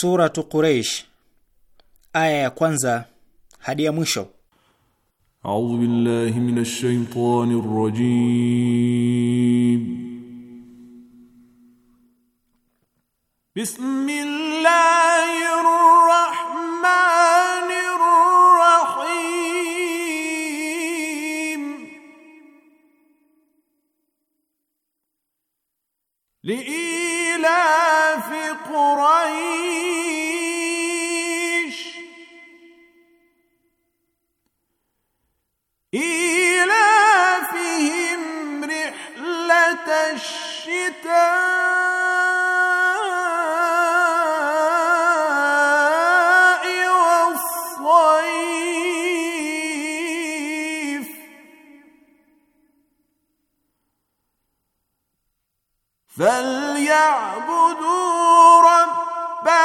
Suratu Quraish aya ya kwanza hadi ya mwisho. A'udhu billahi minash shaitani rrajim. Bismillahirrahmanirrahim. لإيلاف Quraish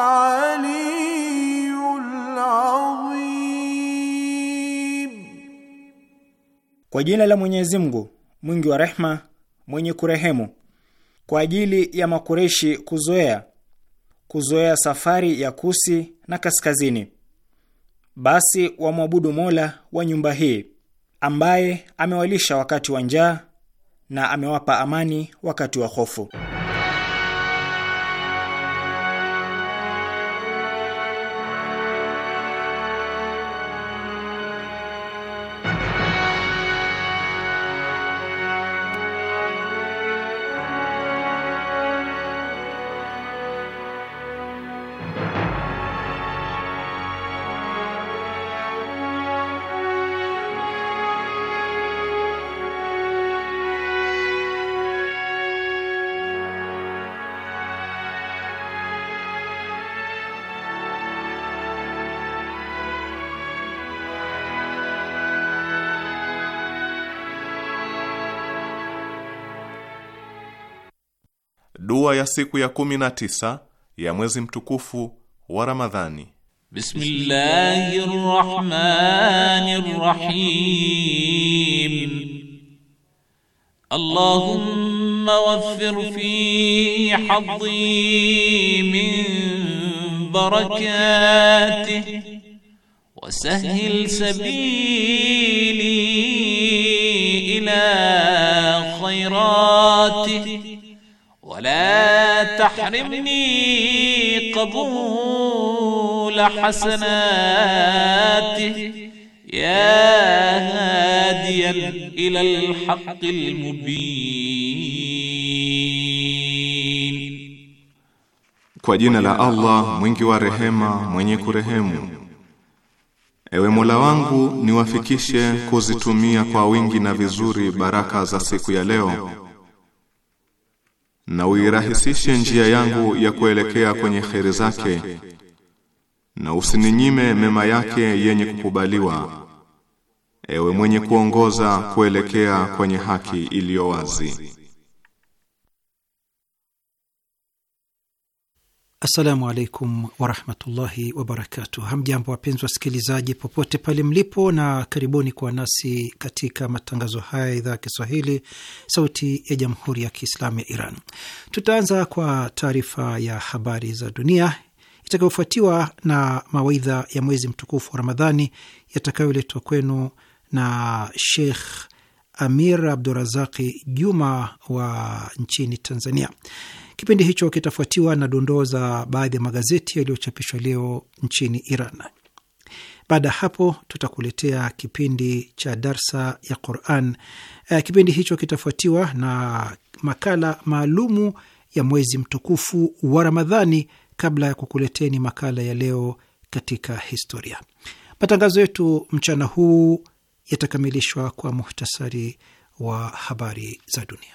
aliyyul azim. Kwa jina la Mwenyezi Mungu mwingi wa rehma mwenye kurehemu. Kwa ajili ya Makureshi kuzoea kuzoea safari ya kusi na kaskazini, basi wamwabudu Mola wa nyumba hii ambaye amewalisha wakati wa njaa na amewapa amani wakati wa hofu. siku ya kumi na tisa ya mwezi mtukufu wa Ramadhani. Bismillahir Rahmanir Rahim. Allahumma waffir fi hadhi min barakati wa sahhil sabili ila khairati wa la تحرمني قبول حسناته يا هاديا الى الحق المبين Kwa jina la Allah mwingi wa rehema mwenye kurehemu Ewe Mola wangu niwafikishe kuzitumia kwa wingi na vizuri baraka za siku ya leo na uirahisishe njia yangu ya kuelekea kwenye kheri zake na usininyime mema yake yenye kukubaliwa ewe mwenye kuongoza kuelekea kwenye haki iliyo wazi Assalamu alaikum warahmatullahi wabarakatu Hamjambo wapenzi wasikilizaji popote pale mlipo, na karibuni kwa nasi katika matangazo haya ya idhaa ya Kiswahili, Sauti ya Jamhuri ya Kiislamu ya Iran. Tutaanza kwa taarifa ya habari za dunia itakayofuatiwa na mawaidha ya mwezi mtukufu wa Ramadhani yatakayoletwa kwenu na Sheikh Amir Abdurazaki Juma wa nchini Tanzania. Kipindi hicho kitafuatiwa na dondoo za baadhi ya magazeti yaliyochapishwa leo nchini Iran. Baada ya hapo tutakuletea kipindi cha darsa ya Quran. Eh, kipindi hicho kitafuatiwa na makala maalumu ya mwezi mtukufu wa Ramadhani, kabla ya kukuleteni makala ya leo katika historia. Matangazo yetu mchana huu yatakamilishwa kwa muhtasari wa habari za dunia.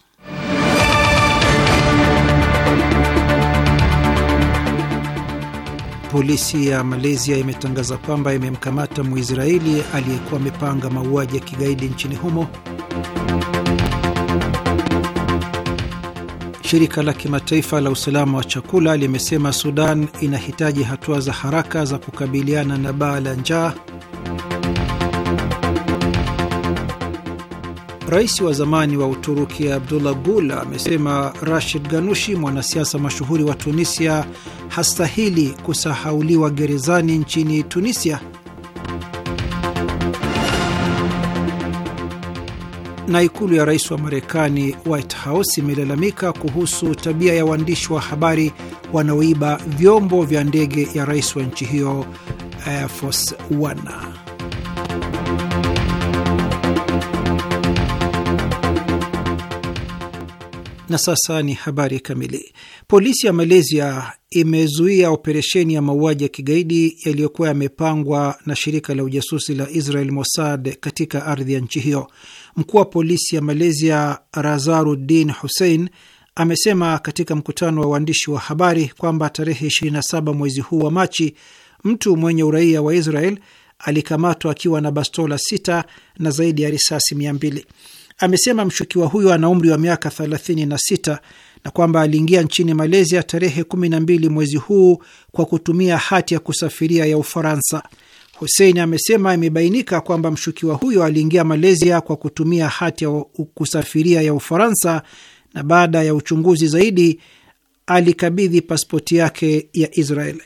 Polisi ya Malaysia imetangaza kwamba imemkamata Mwisraeli aliyekuwa amepanga mauaji ya kigaidi nchini humo. Shirika la kimataifa la usalama wa chakula limesema Sudan inahitaji hatua za haraka za kukabiliana na baa la njaa. Rais wa zamani wa Uturuki Abdullah Gul amesema Rashid Ganushi, mwanasiasa mashuhuri wa Tunisia, hastahili kusahauliwa gerezani nchini Tunisia. Na ikulu ya rais wa Marekani, White House, imelalamika kuhusu tabia ya waandishi wa habari wanaoiba vyombo vya ndege ya rais wa nchi hiyo Air Force One. Na sasa ni habari kamili. Polisi ya Malaysia imezuia operesheni ya mauaji ya kigaidi yaliyokuwa yamepangwa na shirika la ujasusi la Israel Mossad katika ardhi ya nchi hiyo. Mkuu wa polisi ya Malaysia Razaruddin Hussein amesema katika mkutano wa waandishi wa habari kwamba tarehe 27 mwezi huu wa Machi, mtu mwenye uraia wa Israel alikamatwa akiwa na bastola sita na zaidi ya risasi mia mbili amesema mshukiwa huyo ana umri wa miaka 36 na kwamba aliingia nchini Malaysia tarehe 12 mwezi huu kwa kutumia hati ya kusafiria ya Ufaransa. Hussein amesema imebainika kwamba mshukiwa huyo aliingia Malaysia kwa kutumia hati ya kusafiria ya Ufaransa na baada ya uchunguzi zaidi alikabidhi pasipoti yake ya Israeli.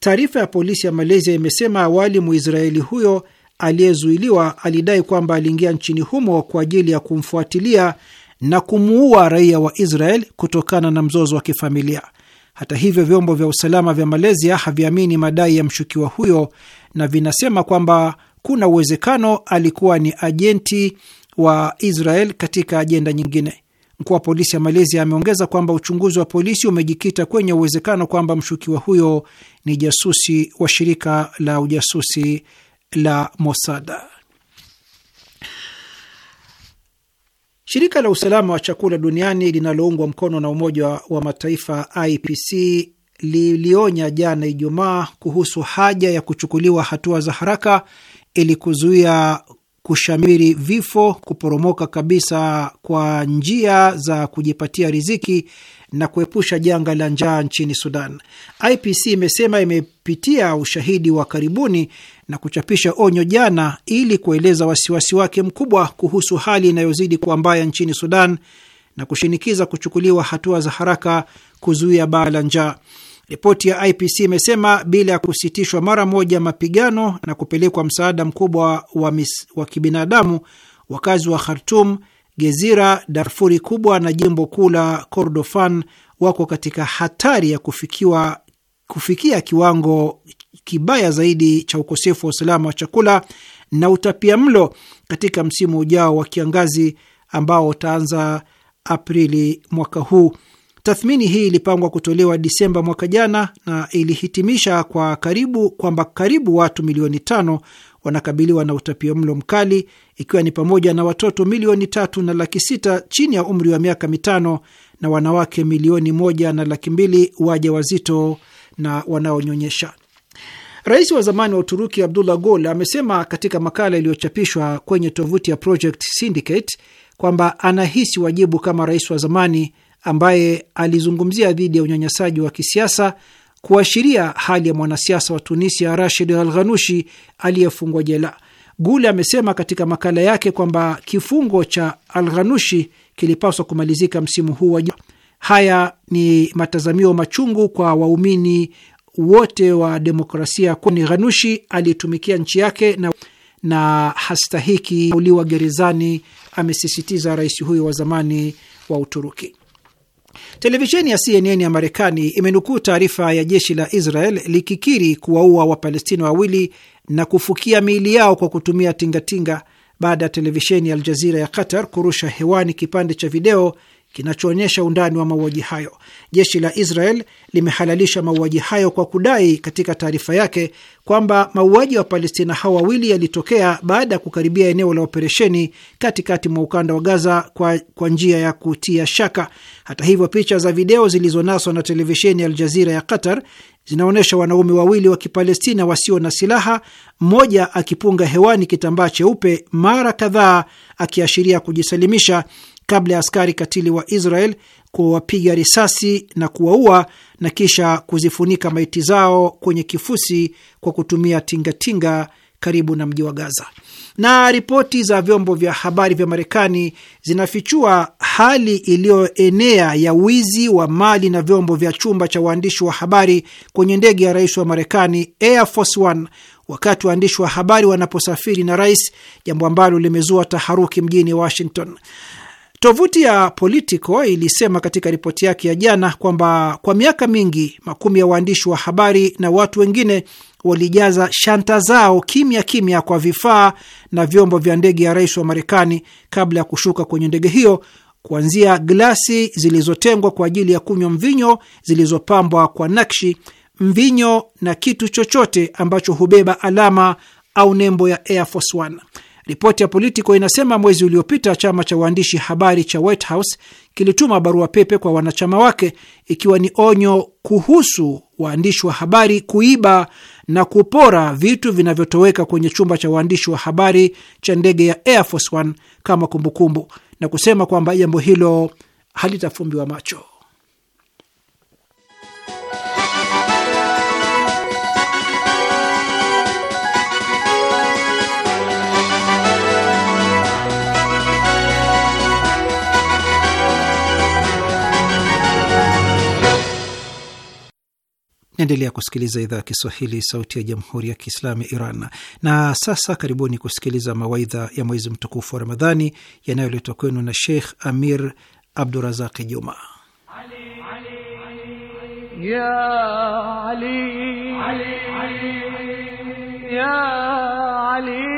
Taarifa ya polisi ya Malaysia imesema awali Muisraeli huyo aliyezuiliwa alidai kwamba aliingia nchini humo kwa ajili ya kumfuatilia na kumuua raia wa Israel kutokana na mzozo wa kifamilia. Hata hivyo, vyombo vya usalama vya Malaysia haviamini madai ya mshukiwa huyo na vinasema kwamba kuna uwezekano alikuwa ni ajenti wa Israel katika ajenda nyingine. Mkuu wa polisi ya Malaysia ameongeza kwamba uchunguzi wa polisi umejikita kwenye uwezekano kwamba mshukiwa huyo ni jasusi wa shirika la ujasusi la Mossad. Shirika la usalama wa chakula duniani linaloungwa mkono na Umoja wa Mataifa IPC lilionya jana Ijumaa kuhusu haja ya kuchukuliwa hatua za haraka ili kuzuia kushamiri vifo, kuporomoka kabisa kwa njia za kujipatia riziki na kuepusha janga la njaa nchini Sudan. IPC imesema imepitia ushahidi wa karibuni na kuchapisha onyo jana ili kueleza wasiwasi wake mkubwa kuhusu hali inayozidi kuwa mbaya nchini Sudan na kushinikiza kuchukuliwa hatua za haraka kuzuia baa la njaa. Ripoti ya IPC imesema bila ya kusitishwa mara moja mapigano na kupelekwa msaada mkubwa wa, mis, wa kibinadamu, wakazi wa Khartum, Gezira, Darfuri kubwa na jimbo kuu la Kordofan wako katika hatari ya kufikiwa, kufikia kiwango kibaya zaidi cha ukosefu wa usalama wa chakula na utapia mlo katika msimu ujao wa kiangazi ambao utaanza Aprili mwaka huu. Tathmini hii ilipangwa kutolewa Disemba mwaka jana na ilihitimisha kwa karibu kwamba karibu watu milioni tano wanakabiliwa na utapio mlo mkali ikiwa ni pamoja na watoto milioni tatu na laki sita chini ya umri wa miaka mitano na wanawake milioni moja na laki mbili waja wazito na wanaonyonyesha. Rais wa zamani wa Uturuki Abdullah Gol amesema katika makala iliyochapishwa kwenye tovuti ya Project Syndicate kwamba anahisi wajibu kama rais wa zamani ambaye alizungumzia dhidi ya unyanyasaji wa kisiasa kuashiria hali ya mwanasiasa wa Tunisia Rashid Al Ghanushi aliyefungwa jela. Gule amesema katika makala yake kwamba kifungo cha Al Ghanushi kilipaswa kumalizika msimu huu wa. Haya ni matazamio machungu kwa waumini wote wa demokrasia, kwani Ghanushi aliyetumikia nchi yake na, na hastahiki uliwa gerezani, amesisitiza rais huyo wa zamani wa Uturuki. Televisheni ya CNN ya Marekani imenukuu taarifa ya jeshi la Israel likikiri kuwaua Wapalestina wawili na kufukia miili yao kwa kutumia tingatinga baada ya televisheni ya Aljazira ya Qatar kurusha hewani kipande cha video kinachoonyesha undani wa mauaji hayo. Jeshi la Israel limehalalisha mauaji hayo kwa kudai katika taarifa yake kwamba mauaji wa Palestina hao wawili yalitokea baada ya kukaribia eneo la operesheni katikati mwa ukanda wa Gaza kwa, kwa njia ya kutia shaka. Hata hivyo, picha za video zilizonaswa na televisheni ya Aljazira ya Qatar zinaonyesha wanaume wawili wa Kipalestina wasio na silaha, mmoja akipunga hewani kitambaa cheupe mara kadhaa akiashiria kujisalimisha kabla ya askari katili wa Israel kuwapiga risasi na kuwaua na kisha kuzifunika maiti zao kwenye kifusi kwa kutumia tingatinga tinga karibu na mji wa Gaza. Na ripoti za vyombo vya habari vya Marekani zinafichua hali iliyoenea ya wizi wa mali na vyombo vya chumba cha waandishi wa habari kwenye ndege ya rais wa Marekani Air Force One wakati waandishi wa habari wanaposafiri na rais, jambo ambalo limezua taharuki mjini Washington. Tovuti ya Politico ilisema katika ripoti yake ya jana kwamba kwa miaka mingi makumi ya waandishi wa habari na watu wengine walijaza shanta zao kimya kimya kwa vifaa na vyombo vya ndege ya rais wa Marekani kabla ya kushuka kwenye ndege hiyo, kuanzia glasi zilizotengwa kwa ajili ya kunywa mvinyo zilizopambwa kwa nakshi, mvinyo na kitu chochote ambacho hubeba alama au nembo ya Air Force One. Ripoti ya Politico inasema mwezi uliopita chama cha waandishi habari cha White House kilituma barua pepe kwa wanachama wake ikiwa ni onyo kuhusu waandishi wa habari kuiba na kupora vitu vinavyotoweka kwenye chumba cha waandishi wa habari cha ndege ya Air Force One kama kumbukumbu, na kusema kwamba jambo hilo halitafumbiwa macho. Naendelea kusikiliza idhaa ya Kiswahili, sauti ya jamhuri ya kiislamu ya Iran. Na sasa karibuni kusikiliza mawaidha ya mwezi mtukufu wa Ramadhani yanayoletwa kwenu na Sheikh Amir Abdurazaki Juma. Ali, Ali, Ali, Ali, Ali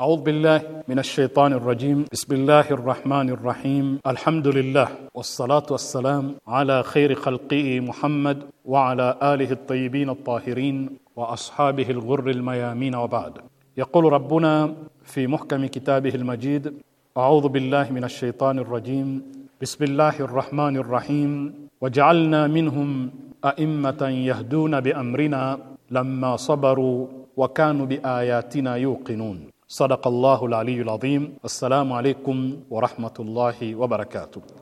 أعوذ بالله من الشيطان الرجيم بسم الله الرحمن الرحيم الحمد لله والصلاة والسلام على خير خلقه محمد وعلى آله الطيبين الطاهرين وأصحابه الغر الميامين وبعد يقول ربنا في محكم كتابه المجيد أعوذ بالله من الشيطان الرجيم بسم الله الرحمن الرحيم وجعلنا منهم أئمة يهدون بأمرنا لما صبروا وكانوا بآياتنا يوقنون Sadaqallahu al-aliyyul Assalamu alaykum wa rahmatullahi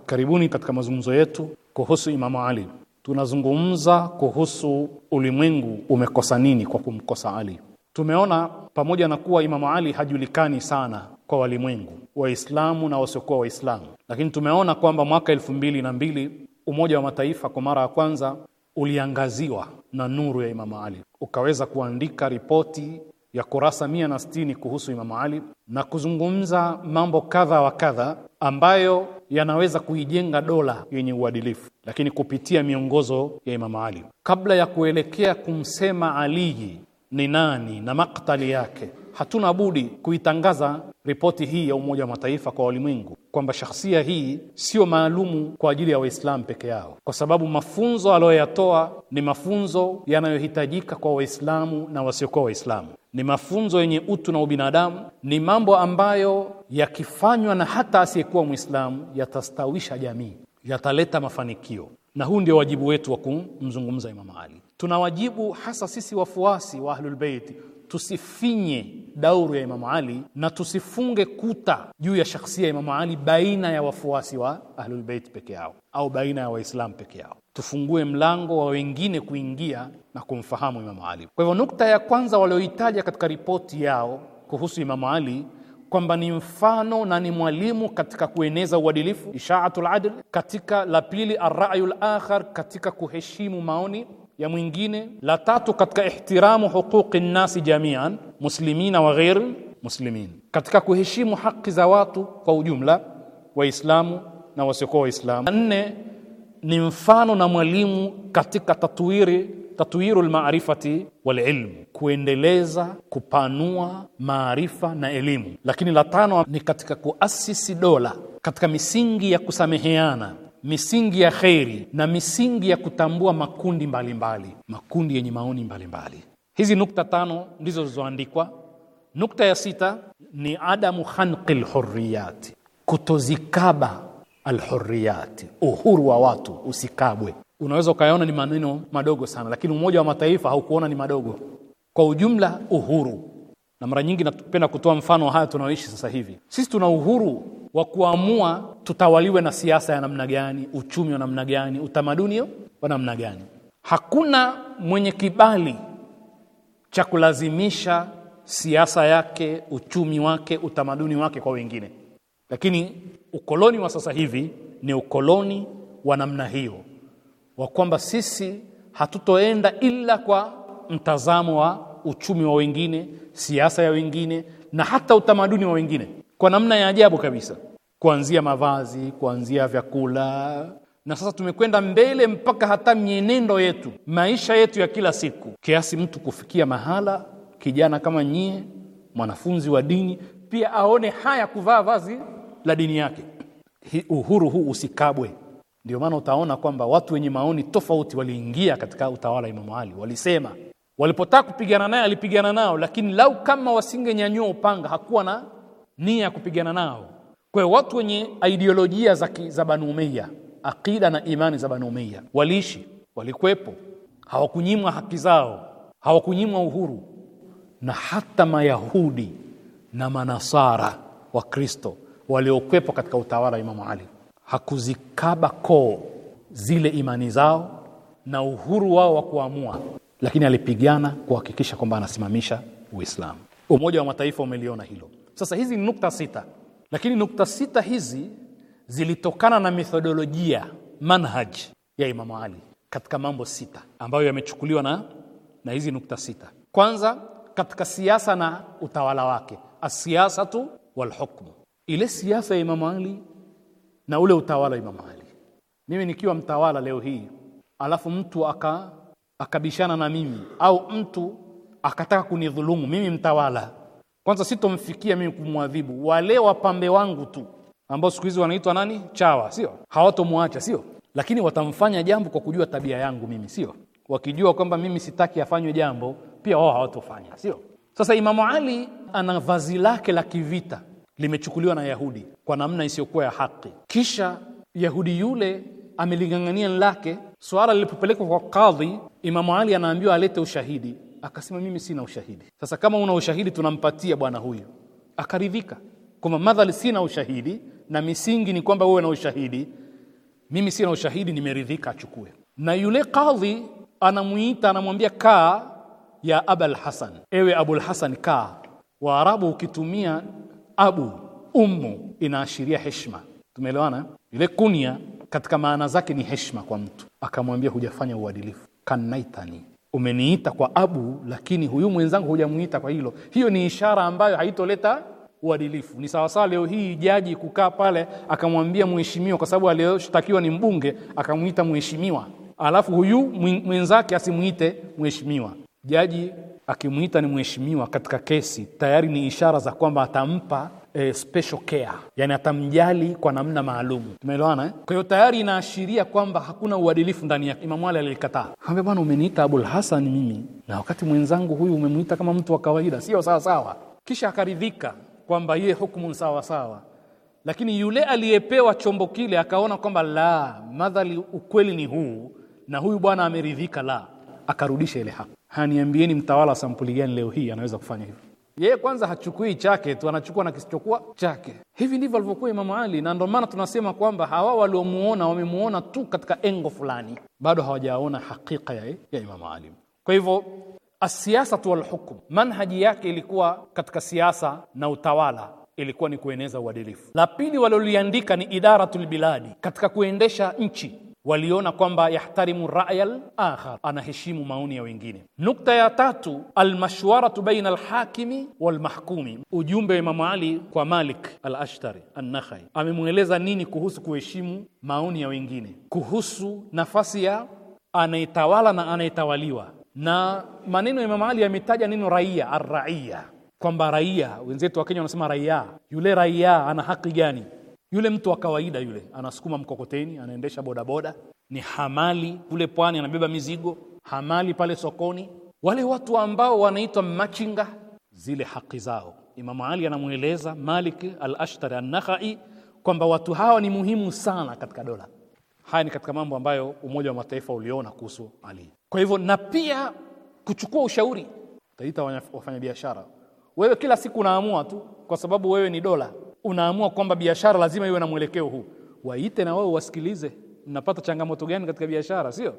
Karibuni katika mazungumzo yetu kuhusu Imamu Ali. Tunazungumza kuhusu ulimwengu umekosa nini kwa kumkosa Ali. Tumeona pamoja na kuwa Imamu Ali hajulikani sana kwa walimwengu, Waislamu na wasiokuwa Waislamu, lakini tumeona kwamba mwaka elfu mbili na mbili Umoja wa Mataifa kwa mara ya kwanza uliangaziwa na nuru ya Imamu Ali, ukaweza kuandika ripoti ya kurasa 160 kuhusu Imamu Ali na kuzungumza mambo kadha wa kadha ambayo yanaweza kuijenga dola yenye uadilifu, lakini kupitia miongozo ya Imamu Ali. Kabla ya kuelekea kumsema Aliyi ni nani na maktali yake. Hatuna budi kuitangaza ripoti hii ya Umoja wa Mataifa kwa walimwengu kwamba shakhsia hii sio maalumu kwa ajili ya Waislamu peke yao, kwa sababu mafunzo aliyoyatoa ni mafunzo yanayohitajika kwa Waislamu na wasiokuwa Waislamu, ni mafunzo yenye utu na ubinadamu, ni mambo ambayo yakifanywa na hata asiyekuwa Mwislamu yatastawisha jamii, yataleta mafanikio, na huu ndio wajibu wetu wa kumzungumza imamu Ali tuna wajibu hasa sisi wafuasi wa Ahlul tusifinye dauru ya Imamu Ali na tusifunge kuta juu ya shakhsia ya Imamu Ali baina ya wafuasi wa Ahlul peke yao au baina ya Waislamu peke yao. Tufungue mlango wa wengine kuingia na kumfahamu Imamu Ali. Kwa hivyo, nukta ya kwanza walioitaja katika ripoti yao kuhusu Imamu Ali kwamba ni mfano na ni mwalimu katika kueneza uadilifu, ishaatul adl. Katika la pili, arrayu lakhar, katika kuheshimu maoni ya mwingine. La tatu katika ihtiramu huquqi nnasi jamian muslimina wa ghairi muslimin, katika kuheshimu haki za watu kwa ujumla, Waislamu na wasiokuwa Waislamu. Nne ni mfano na mwalimu katika tatwiri tatwiru lmarifati walilmu, kuendeleza kupanua maarifa na elimu. Lakini la tano ni katika kuasisi dola katika misingi ya kusameheana misingi ya kheri na misingi ya kutambua makundi mbalimbali mbali, makundi yenye maoni mbalimbali Hizi nukta tano ndizo zilizoandikwa. Nukta ya sita ni adamu khanqi lhuriyati, kutozikaba alhuriyati, uhuru wa watu usikabwe. Unaweza ukayaona ni maneno madogo sana, lakini Umoja wa Mataifa haukuona ni madogo. Kwa ujumla uhuru, na mara nyingi napenda kutoa mfano haya tunaoishi sasa hivi, sisi tuna uhuru wa kuamua tutawaliwe na siasa ya namna gani, uchumi wa namna gani, utamaduni wa namna gani. Hakuna mwenye kibali cha kulazimisha siasa yake, uchumi wake, utamaduni wake kwa wengine. Lakini ukoloni wa sasa hivi ni ukoloni wa namna hiyo, wa kwamba sisi hatutoenda ila kwa mtazamo wa uchumi wa wengine, siasa ya wengine na hata utamaduni wa wengine, kwa namna ya ajabu kabisa kuanzia mavazi, kuanzia vyakula, na sasa tumekwenda mbele mpaka hata mienendo yetu, maisha yetu ya kila siku, kiasi mtu kufikia mahala, kijana kama nyie, mwanafunzi wa dini pia aone haya kuvaa vazi la dini yake. Uhuru huu usikabwe. Ndio maana utaona kwamba watu wenye maoni tofauti waliingia katika utawala wa Imamu Ali, walisema walipotaka kupigana naye alipigana nao, lakini lau kama wasingenyanyua upanga, hakuwa na nia ya kupigana nao kwa hiyo watu wenye ideolojia za, za Banu Umayya, akida na imani za Banu Umayya waliishi, walikwepo, hawakunyimwa haki zao, hawakunyimwa uhuru. Na hata Mayahudi na Manasara wa Kristo waliokwepo katika utawala wa Imamu Ali hakuzikaba koo zile imani zao na uhuru wao wa kuamua, lakini alipigana kuhakikisha kwamba anasimamisha Uislamu. Umoja wa Mataifa umeliona hilo. Sasa hizi ni nukta sita. Lakini nukta sita hizi zilitokana na methodolojia manhaj ya Imamu Ali katika mambo sita ambayo yamechukuliwa na, na hizi nukta sita. Kwanza, katika siasa na utawala wake, asiasatu walhukmu, ile siasa ya Imamu Ali na ule utawala wa Imamu Ali. Mimi nikiwa mtawala leo hii alafu mtu aka akabishana na mimi au mtu akataka kunidhulumu mimi mtawala, kwanza sitomfikia mimi kumwadhibu, wale wapambe wangu tu ambao siku hizi wanaitwa nani, chawa, sio? Hawatomwacha, sio? Lakini watamfanya jambo kwa kujua tabia yangu mimi, sio? Wakijua kwamba mimi sitaki afanywe jambo, pia wao hawatofanya, sio? Sasa Imamu Ali ana vazi lake la kivita limechukuliwa na Yahudi kwa namna isiyokuwa ya haki, kisha Yahudi yule ameling'ang'ania lake. Suala lilipopelekwa kwa kadhi, Imamu Ali anaambiwa alete ushahidi Akasema mimi sina ushahidi. Sasa kama una ushahidi tunampatia bwana huyu. Akaridhika kwamba madhali sina ushahidi na misingi ni kwamba wewe na ushahidi, mimi sina ushahidi, nimeridhika, achukue. Na yule kadhi anamuita anamwambia, kaa ya abal Hasan, ewe Abul Hasan, kaa. Waarabu ukitumia abu ummu inaashiria heshima, tumeelewana. Ile kunya katika maana zake ni heshima kwa mtu. Akamwambia, hujafanya uadilifu, kanaitani umeniita kwa abu, lakini huyu mwenzangu hujamuita kwa hilo. Hiyo ni ishara ambayo haitoleta uadilifu. Ni sawasawa leo hii jaji kukaa pale akamwambia mheshimiwa, kwa sababu aliyoshtakiwa ni mbunge, akamwita mheshimiwa, alafu huyu mwenzake asimuite mheshimiwa. Jaji akimwita ni mheshimiwa katika kesi, tayari ni ishara za kwamba atampa e, special care, yani atamjali kwa namna maalum. Tumeelewana eh? Kwa hiyo tayari inaashiria kwamba hakuna uadilifu ndani yake. Imamu Ali alilikataa, ambia bwana, umeniita Abul Hasan mimi na wakati mwenzangu huyu umemwita kama mtu wa kawaida, sio sawasawa. Kisha akaridhika kwamba iye hukumu sawasawa lakini yule aliyepewa chombo kile akaona kwamba la, madhali ukweli ni huu na huyu bwana ameridhika, la, akarudisha ile haki. Haniambieni mtawala wa sampuli gani leo hii anaweza kufanya hivyo? Yeye kwanza hachukui chake tu, anachukua na kisichokuwa chake. Hivi ndivyo alivyokuwa Imamu Ali, na ndio maana tunasema kwamba hawa waliomuona wamemuona tu katika engo fulani, bado hawajaona hakika ya, ya Imamu Ali. Kwa hivyo asiasatu walhukmu manhaji yake ilikuwa katika siasa na utawala ilikuwa ni kueneza uadilifu. La pili waliloliandika ni idaratul biladi, katika kuendesha nchi waliona kwamba yahtarimu raya lakhar, anaheshimu maoni ya wengine. Nukta ya tatu, almashwaratu baina alhakimi walmahkumi. Ujumbe wa Imamu Ali kwa Malik Alashtari Annakhai amemweleza nini kuhusu kuheshimu maoni ya wengine, kuhusu nafasi ya anayetawala na anayetawaliwa. Na maneno ya Imamu Ali yametaja neno raia, arraiya, kwamba raia. Wenzetu wa Kenya wanasema raia, yule raia ana haki gani? Yule mtu wa kawaida yule anasukuma mkokoteni, anaendesha bodaboda, ni hamali kule pwani, anabeba mizigo, hamali pale sokoni. Wale watu ambao wanaitwa machinga, zile haki zao, Imamu Ali anamweleza Malik al-Ashtari an-Nakhai kwamba watu hawa ni muhimu sana katika dola. Haya ni katika mambo ambayo Umoja wa Mataifa uliona kuhusu Ali. Kwa hivyo na pia kuchukua ushauri, utaita wafanyabiashara. Wewe kila siku unaamua tu, kwa sababu wewe ni dola unaamua kwamba biashara lazima iwe na mwelekeo huu, waite na wao wasikilize, mnapata changamoto gani katika biashara, sio?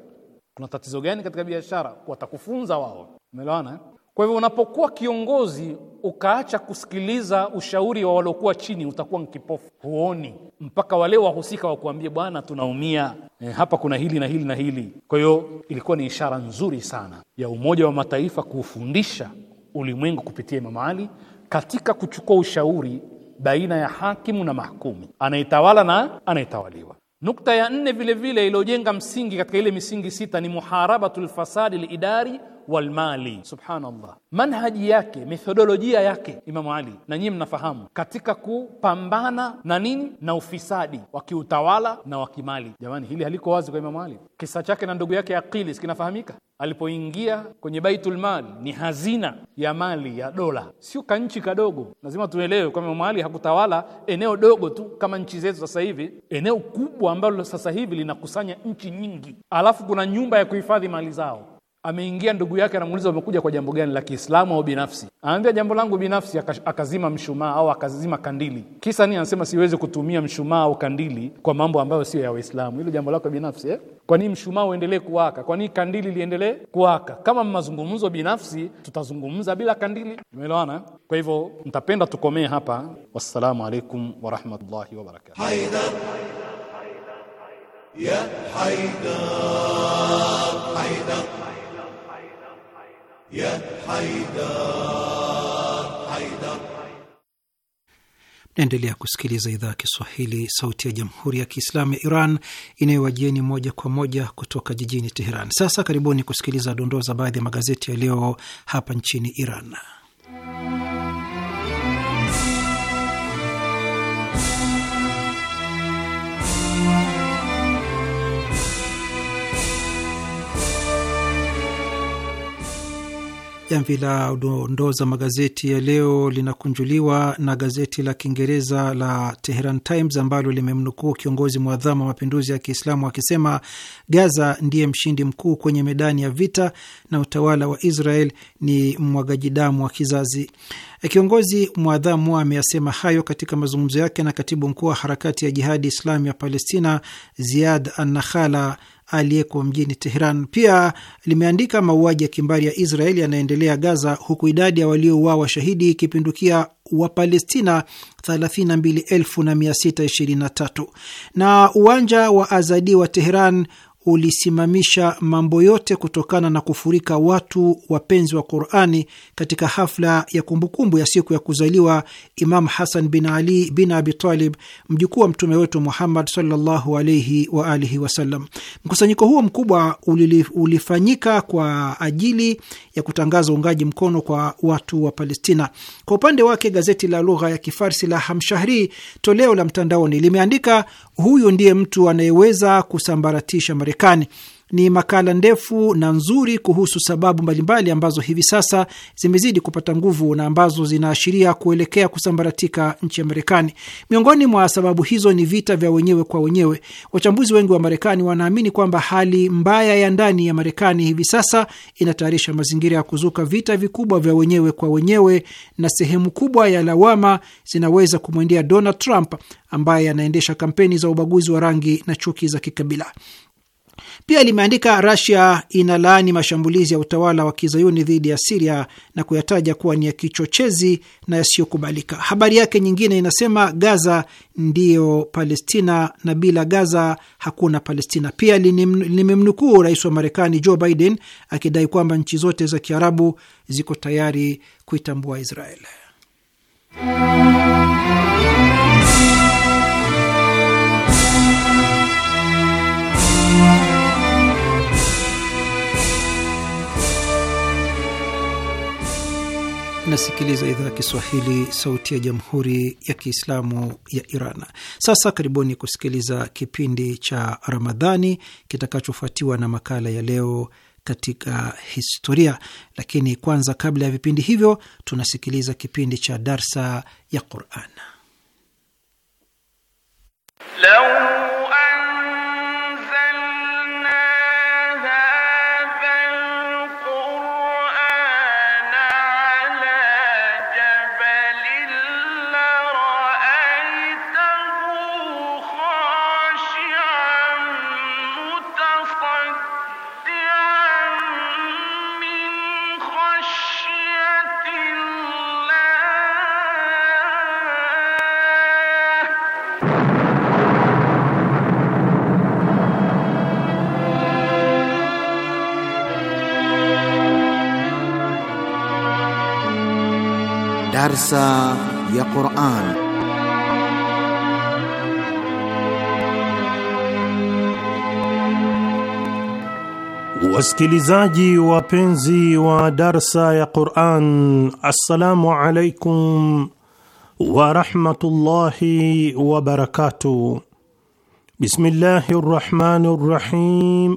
Kuna tatizo gani katika biashara? Watakufunza wao, umeelewana? Eh? Kwa hivyo unapokuwa kiongozi ukaacha kusikiliza ushauri wa waliokuwa chini, utakuwa mkipofu, huoni mpaka wale wahusika wakuambie, bwana, tunaumia e, hapa kuna hili na hili na hili. Kwa hiyo ilikuwa ni ishara nzuri sana ya Umoja wa Mataifa kuufundisha ulimwengu kupitia Imam Ali katika kuchukua ushauri baina ya hakimu na mahkumu, anayetawala na anayetawaliwa. Nukta ya nne vilevile iliyojenga msingi katika ile misingi sita ni muharabatu lfasadi lidari walmali. Subhanallah, manhaji yake, methodolojia yake Imamu Ali na nyinyi mnafahamu, katika kupambana na nini na ufisadi wa kiutawala na wa kimali. Jamani, hili haliko wazi kwa Imamu Ali. Kisa chake na ndugu yake Aqili kinafahamika, alipoingia kwenye Baitul Mal, ni hazina ya mali ya dola, sio kanchi kadogo. Lazima tuelewe kwamba Imamu Ali hakutawala eneo dogo tu kama nchi zetu sasa hivi, eneo kubwa ambalo sasa hivi linakusanya nchi nyingi, alafu kuna nyumba ya kuhifadhi mali zao ameingia ndugu yake anamuuliza umekuja kwa jambo gani la kiislamu au binafsi anaambia jambo langu binafsi akazima mshumaa au akazima kandili kisa ni anasema siwezi kutumia mshumaa au kandili kwa mambo ambayo sio ya waislamu hilo jambo lako binafsi eh? kwa nini mshumaa uendelee kuwaka kwa nini kandili liendelee kuwaka kama mazungumzo binafsi tutazungumza bila kandili umeelewana eh? kwa hivyo mtapenda tukomee hapa wassalamu alaikum warahmatullahi wabarakatu ya Haidar, Haidar. Naendelea kusikiliza idhaa ya Kiswahili, sauti ya jamhuri ya kiislamu ya Iran inayowajieni moja kwa moja kutoka jijini Teheran. Sasa karibuni kusikiliza dondoo za baadhi ya magazeti ya magazeti yaliyo hapa nchini Iran. Jamvi la dondoo za magazeti ya leo linakunjuliwa na gazeti la Kiingereza la Teheran Times ambalo limemnukuu kiongozi mwadhamu wa mapinduzi ya Kiislamu akisema Gaza ndiye mshindi mkuu kwenye medani ya vita na utawala wa Israel ni mwagaji damu wa kizazi. E, kiongozi mwadhamu ameyasema hayo katika mazungumzo yake na katibu mkuu wa harakati ya Jihadi islamu ya Palestina Ziad Annakhala aliyeko mjini Teheran. Pia limeandika mauaji ya kimbari ya Israel yanaendelea Gaza, huku idadi ya waliouawa washahidi ikipindukia Wapalestina 32623 na uwanja wa Azadi wa Teheran ulisimamisha mambo yote kutokana na kufurika watu wapenzi wa Qurani katika hafla ya kumbukumbu ya siku ya kuzaliwa Imam Hasan bin Ali bin Abitalib, mjukuu wa mtume wetu Muhammad sallallahu alaihi wa alihi wasallam. Mkusanyiko huo mkubwa ulifanyika kwa ajili ya kutangaza uungaji mkono kwa watu wa Palestina. Kwa upande wake, gazeti la lugha ya Kifarsi la Hamshahri toleo la mtandaoni limeandika, huyu ndiye mtu anayeweza kusambaratisha Marekani. Ni makala ndefu na nzuri kuhusu sababu mbalimbali ambazo hivi sasa zimezidi kupata nguvu na ambazo zinaashiria kuelekea kusambaratika nchi ya Marekani. Miongoni mwa sababu hizo ni vita vya wenyewe kwa wenyewe. Wachambuzi wengi wa Marekani wanaamini kwamba hali mbaya ya ndani ya Marekani hivi sasa inatayarisha mazingira ya kuzuka vita vikubwa vya wenyewe kwa wenyewe, na sehemu kubwa ya lawama zinaweza kumwendea Donald Trump ambaye anaendesha kampeni za ubaguzi wa rangi na chuki za kikabila. Pia limeandika Rasia inalaani mashambulizi ya utawala wa kizayuni dhidi ya Siria na kuyataja kuwa ni ya kichochezi na yasiyokubalika. Habari yake nyingine inasema Gaza ndiyo Palestina na bila Gaza hakuna Palestina. Pia limemnukuu rais wa Marekani Joe Biden akidai kwamba nchi zote za Kiarabu ziko tayari kuitambua Israel. Nasikiliza idhaa ya Kiswahili, sauti ya jamhuri ya kiislamu ya Iran. Sasa karibuni kusikiliza kipindi cha Ramadhani kitakachofuatiwa na makala ya leo katika historia. Lakini kwanza, kabla ya vipindi hivyo, tunasikiliza kipindi cha darsa ya Quran. Darsa ya Quran. Wasikilizaji wapenzi wa darsa ya Quran, assalamu alaikum warahmatullahi wabarakatuh. Bismillahi rrahmani rrahim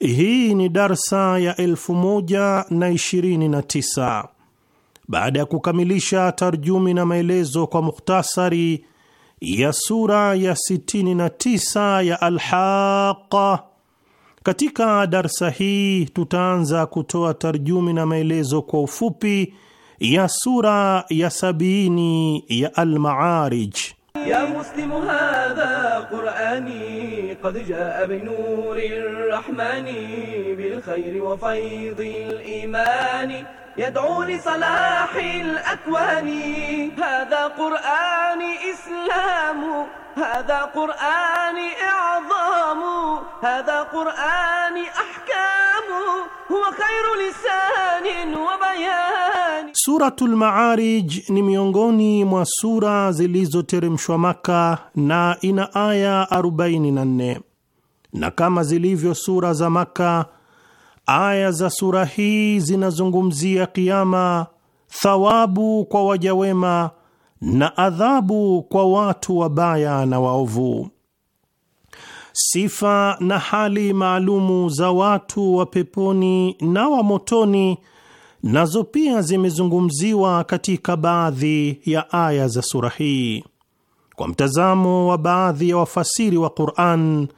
Hii ni darsa ya 1129 baada ya kukamilisha tarjumi na maelezo kwa mukhtasari ya sura ya 69 ya Alhaqa. Katika darsa hii tutaanza kutoa tarjumi na maelezo kwa ufupi ya sura ya sabini ya Almaarij. Ya muslimu hadha qurani قد جاء بنور الرحمن بالخير وفيض الإيمان يدعو لصلاح الأكوان هذا قرآن إسلام هذا قرآن إعظام هذا قرآن أحكام هو خير لسان وبيان bayani. المعارج Maarij ni miongoni mwa sura zilizoteremshwa Maka na ina aya 44 na kama zilivyo sura za Maka Aya za sura hii zinazungumzia kiama, thawabu kwa wajawema na adhabu kwa watu wabaya na waovu. Sifa na hali maalumu za watu wa peponi na wa motoni nazo pia zimezungumziwa katika baadhi ya aya za sura hii. Kwa mtazamo wa baadhi ya wafasiri wa Qur'an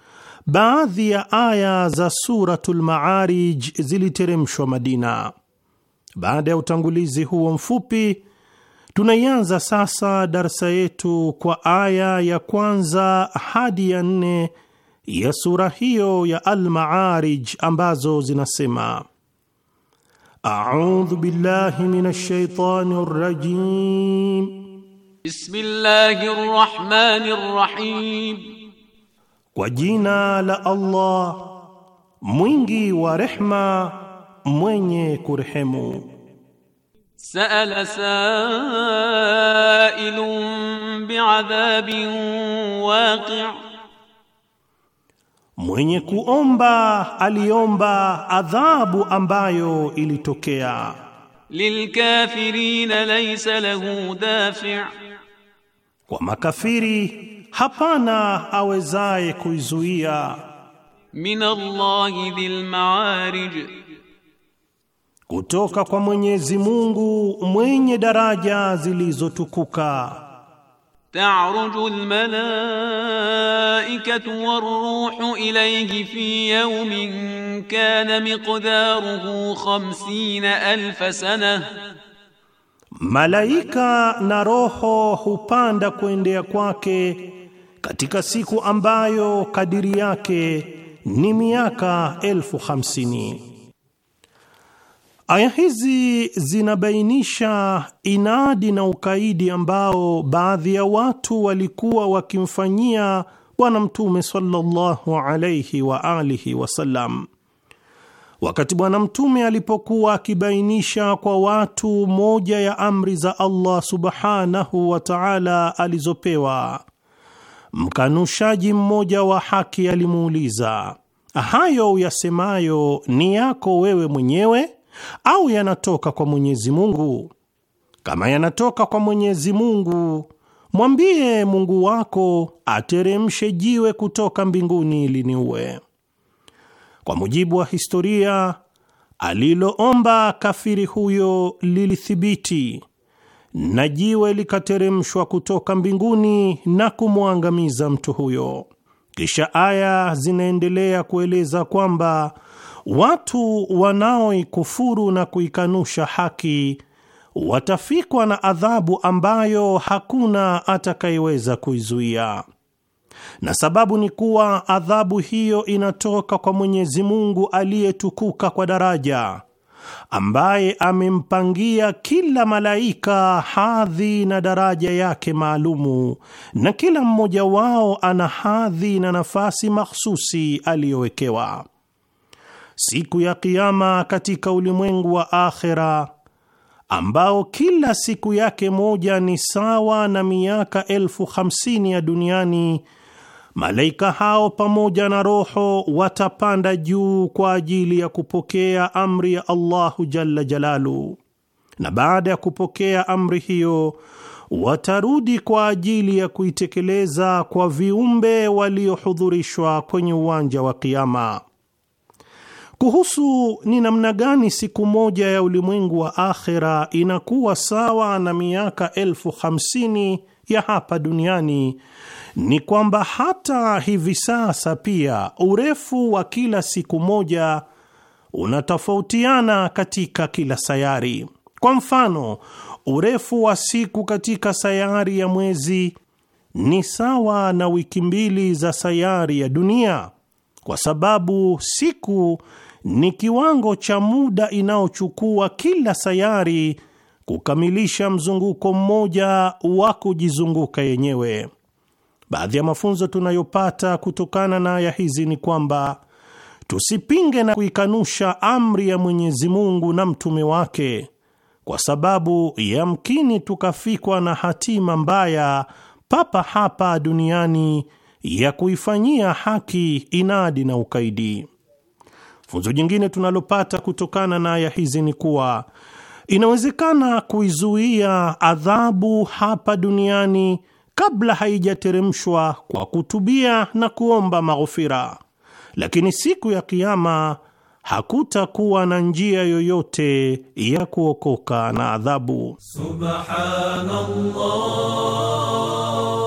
Baadhi ya aya za Suratul Maarij ziliteremshwa Madina. Baada ya utangulizi huo mfupi, tunaianza sasa darsa yetu kwa aya ya kwanza hadi ya nne ya sura hiyo ya Al-Maarij ambazo zinasema: A'udhu billahi minash shaitani rajim, Bismillahir rahmanir rahim kwa jina la Allah mwingi wa rehma, mwenye kurehemu. Sa'ala sa'ilun bi'adhabin waqi', mwenye kuomba aliomba adhabu ambayo ilitokea. Lilkafirina laysa lahu dafi', kwa makafiri hapana awezaye kuizuia. Min Allahi dhil maarij, kutoka kwa Mwenyezi Mungu mwenye daraja zilizotukuka. Ta'ruju almalaikatu warruhu ilayhi fi yawmin kana miqdaruhu 50 alf sana Malaika na roho hupanda kuendea kwake katika siku ambayo kadiri yake ni miaka elfu hamsini. Aya hizi zinabainisha inadi na ukaidi ambao baadhi ya watu walikuwa wakimfanyia Bwana Mtume sallallahu alayhi wa alihi wasallam. Wakati Bwana Mtume alipokuwa akibainisha kwa watu moja ya amri za Allah subhanahu wa ta'ala alizopewa Mkanushaji mmoja wa haki alimuuliza, hayo uyasemayo ni yako wewe mwenyewe au yanatoka kwa Mwenyezi Mungu? Kama yanatoka kwa Mwenyezi Mungu, mwambie Mungu wako ateremshe jiwe kutoka mbinguni ili niue. Kwa mujibu wa historia, aliloomba kafiri huyo lilithibiti na jiwe likateremshwa kutoka mbinguni na kumwangamiza mtu huyo. Kisha aya zinaendelea kueleza kwamba watu wanaoikufuru na kuikanusha haki watafikwa na adhabu ambayo hakuna atakayeweza kuizuia, na sababu ni kuwa adhabu hiyo inatoka kwa Mwenyezi Mungu aliyetukuka kwa daraja ambaye amempangia kila malaika hadhi na daraja yake maalumu, na kila mmoja wao ana hadhi na nafasi mahsusi aliyowekewa. Siku ya Kiama, katika ulimwengu wa akhera ambao kila siku yake moja ni sawa na miaka elfu hamsini ya duniani malaika hao pamoja na roho watapanda juu kwa ajili ya kupokea amri ya Allahu jalla jalalu, na baada ya kupokea amri hiyo watarudi kwa ajili ya kuitekeleza kwa viumbe waliohudhurishwa kwenye uwanja wa Kiama. Kuhusu ni namna gani siku moja ya ulimwengu wa akhera inakuwa sawa na miaka elfu hamsini ya hapa duniani ni kwamba hata hivi sasa pia urefu wa kila siku moja unatofautiana katika kila sayari. Kwa mfano, urefu wa siku katika sayari ya mwezi ni sawa na wiki mbili za sayari ya dunia, kwa sababu siku ni kiwango cha muda inayochukua kila sayari kukamilisha mzunguko mmoja wa kujizunguka yenyewe. Baadhi ya mafunzo tunayopata kutokana na aya hizi ni kwamba tusipinge na kuikanusha amri ya Mwenyezi Mungu na mtume wake, kwa sababu yamkini tukafikwa na hatima mbaya papa hapa duniani ya kuifanyia haki inadi na ukaidi. Funzo jingine tunalopata kutokana na aya hizi ni kuwa inawezekana kuizuia adhabu hapa duniani kabla haijateremshwa kwa kutubia na kuomba maghfira, lakini siku ya Kiama hakutakuwa na njia yoyote ya kuokoka na adhabu. Subhanallah.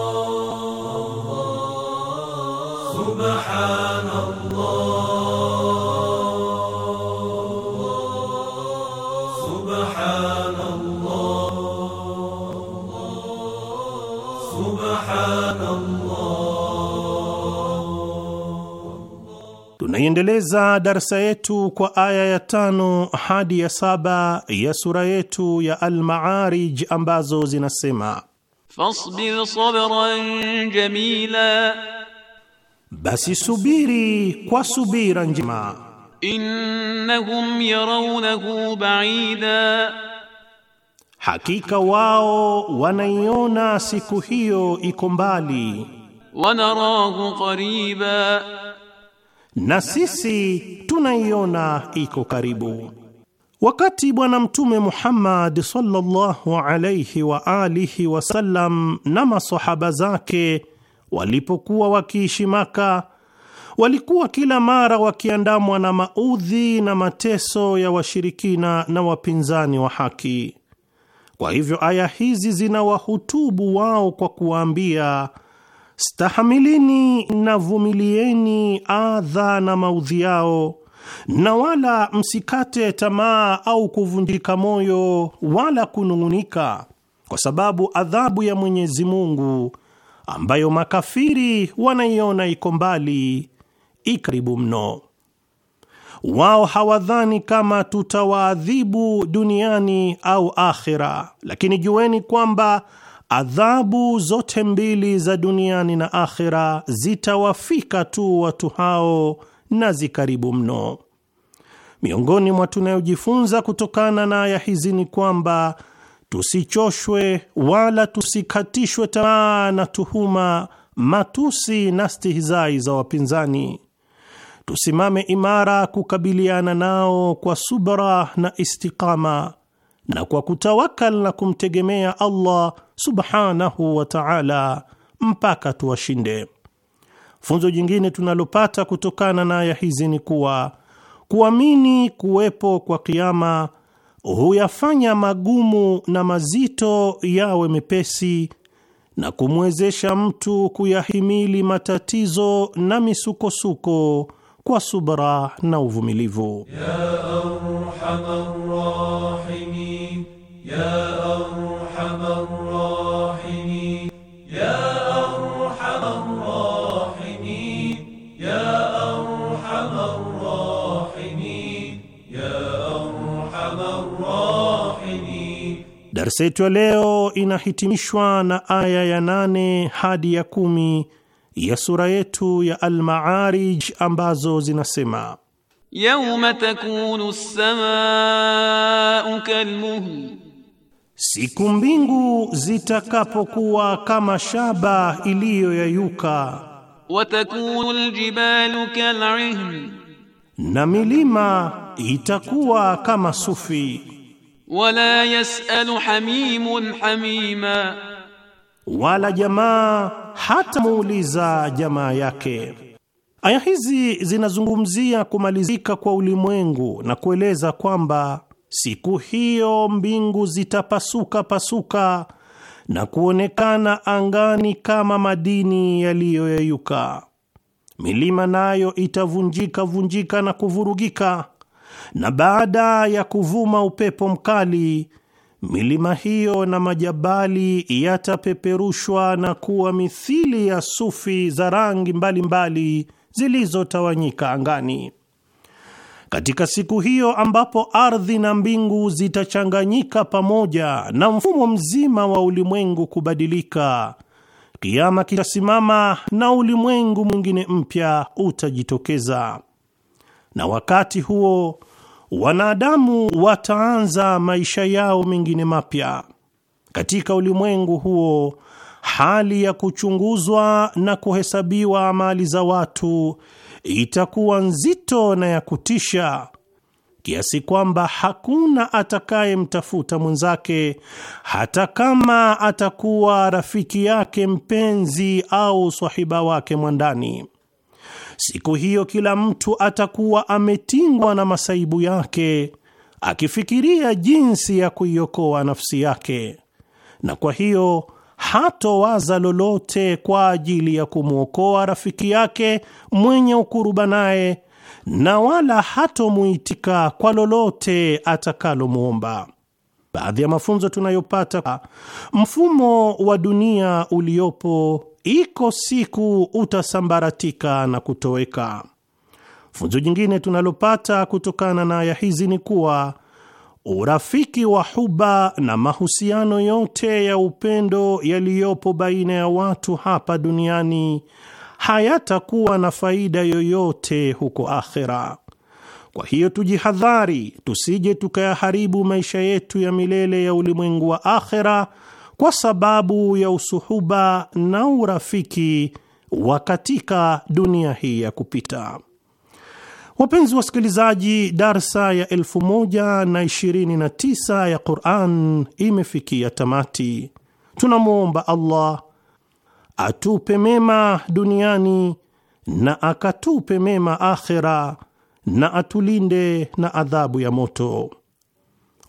Tunaiendeleza darsa yetu kwa aya ya tano hadi ya saba ya sura yetu ya almaarij ambazo zinasema: Fasbir sabran jamila, basi subiri kwa subira njema. Innahum yarawnahu ba'ida, hakika wao wanaiona siku hiyo iko mbali. Wanarahu qariba na sisi tunaiona iko karibu. Wakati Bwana Mtume Muhammad sallallahu alayhi wa alihi wasallam na masahaba zake walipokuwa wakiishi Maka, walikuwa kila mara wakiandamwa na maudhi na mateso ya washirikina na wapinzani wa haki. Kwa hivyo aya hizi zinawahutubu wao kwa kuwaambia Stahamilini na vumilieni adha na maudhi yao, na wala msikate tamaa au kuvunjika moyo wala kunung'unika, kwa sababu adhabu ya Mwenyezi Mungu ambayo makafiri wanaiona iko mbali, i karibu mno. Wao hawadhani kama tutawaadhibu duniani au akhira, lakini jueni kwamba adhabu zote mbili za duniani na akhera zitawafika tu watu hao na zikaribu mno. Miongoni mwa tunayojifunza kutokana na aya hizi ni kwamba tusichoshwe wala tusikatishwe tamaa na tuhuma, matusi na stihizai za wapinzani. Tusimame imara kukabiliana nao kwa subra na istikama na kwa kutawakal na kumtegemea Allah subhanahu wa ta'ala mpaka tuwashinde. Funzo jingine tunalopata kutokana na aya hizi ni kuwa kuamini kuwepo kwa kiama huyafanya magumu na mazito yawe mepesi na kumwezesha mtu kuyahimili matatizo na misukosuko kwa subra na uvumilivu. Darsa yetu ya leo inahitimishwa na aya ya nane hadi ya kumi ya sura yetu ya Al-Ma'arij ambazo zinasema: Yawma takunu as-samaa'u kalmuhl, siku mbingu zitakapokuwa kama shaba iliyoyayuka. Wa takunu al-jibalu kal'ihn, na milima itakuwa kama sufi. Wala yas'alu hamimun hamima, wala jamaa hatamuuliza jamaa yake. Aya hizi zinazungumzia kumalizika kwa ulimwengu na kueleza kwamba siku hiyo mbingu zitapasuka pasuka na kuonekana angani kama madini yaliyoyeyuka. Milima nayo itavunjika vunjika na kuvurugika, na baada ya kuvuma upepo mkali milima hiyo na majabali yatapeperushwa na kuwa mithili ya sufi za rangi mbalimbali zilizotawanyika angani. Katika siku hiyo ambapo ardhi na mbingu zitachanganyika pamoja na mfumo mzima wa ulimwengu kubadilika, kiama kitasimama na ulimwengu mwingine mpya utajitokeza, na wakati huo wanadamu wataanza maisha yao mengine mapya katika ulimwengu huo. Hali ya kuchunguzwa na kuhesabiwa amali za watu itakuwa nzito na ya kutisha kiasi kwamba hakuna atakayemtafuta mwenzake hata kama atakuwa rafiki yake mpenzi au swahiba wake mwandani. Siku hiyo kila mtu atakuwa ametingwa na masaibu yake, akifikiria jinsi ya kuiokoa nafsi yake, na kwa hiyo hatowaza lolote kwa ajili ya kumwokoa rafiki yake mwenye ukuruba naye, na wala hatomuitika kwa lolote atakalomwomba. Baadhi ya mafunzo tunayopata: mfumo wa dunia uliopo iko siku utasambaratika na kutoweka. Funzo jingine tunalopata kutokana na aya hizi ni kuwa urafiki wa huba na mahusiano yote ya upendo yaliyopo baina ya watu hapa duniani hayatakuwa na faida yoyote huko akhera. Kwa hiyo tujihadhari, tusije tukayaharibu maisha yetu ya milele ya ulimwengu wa akhera kwa sababu ya usuhuba na urafiki wa katika dunia hii ya kupita. Wapenzi wasikilizaji, darsa ya 1029 ya Quran imefikia tamati. Tunamwomba Allah atupe mema duniani na akatupe mema akhera na atulinde na adhabu ya moto.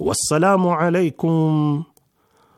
Wassalamu alaikum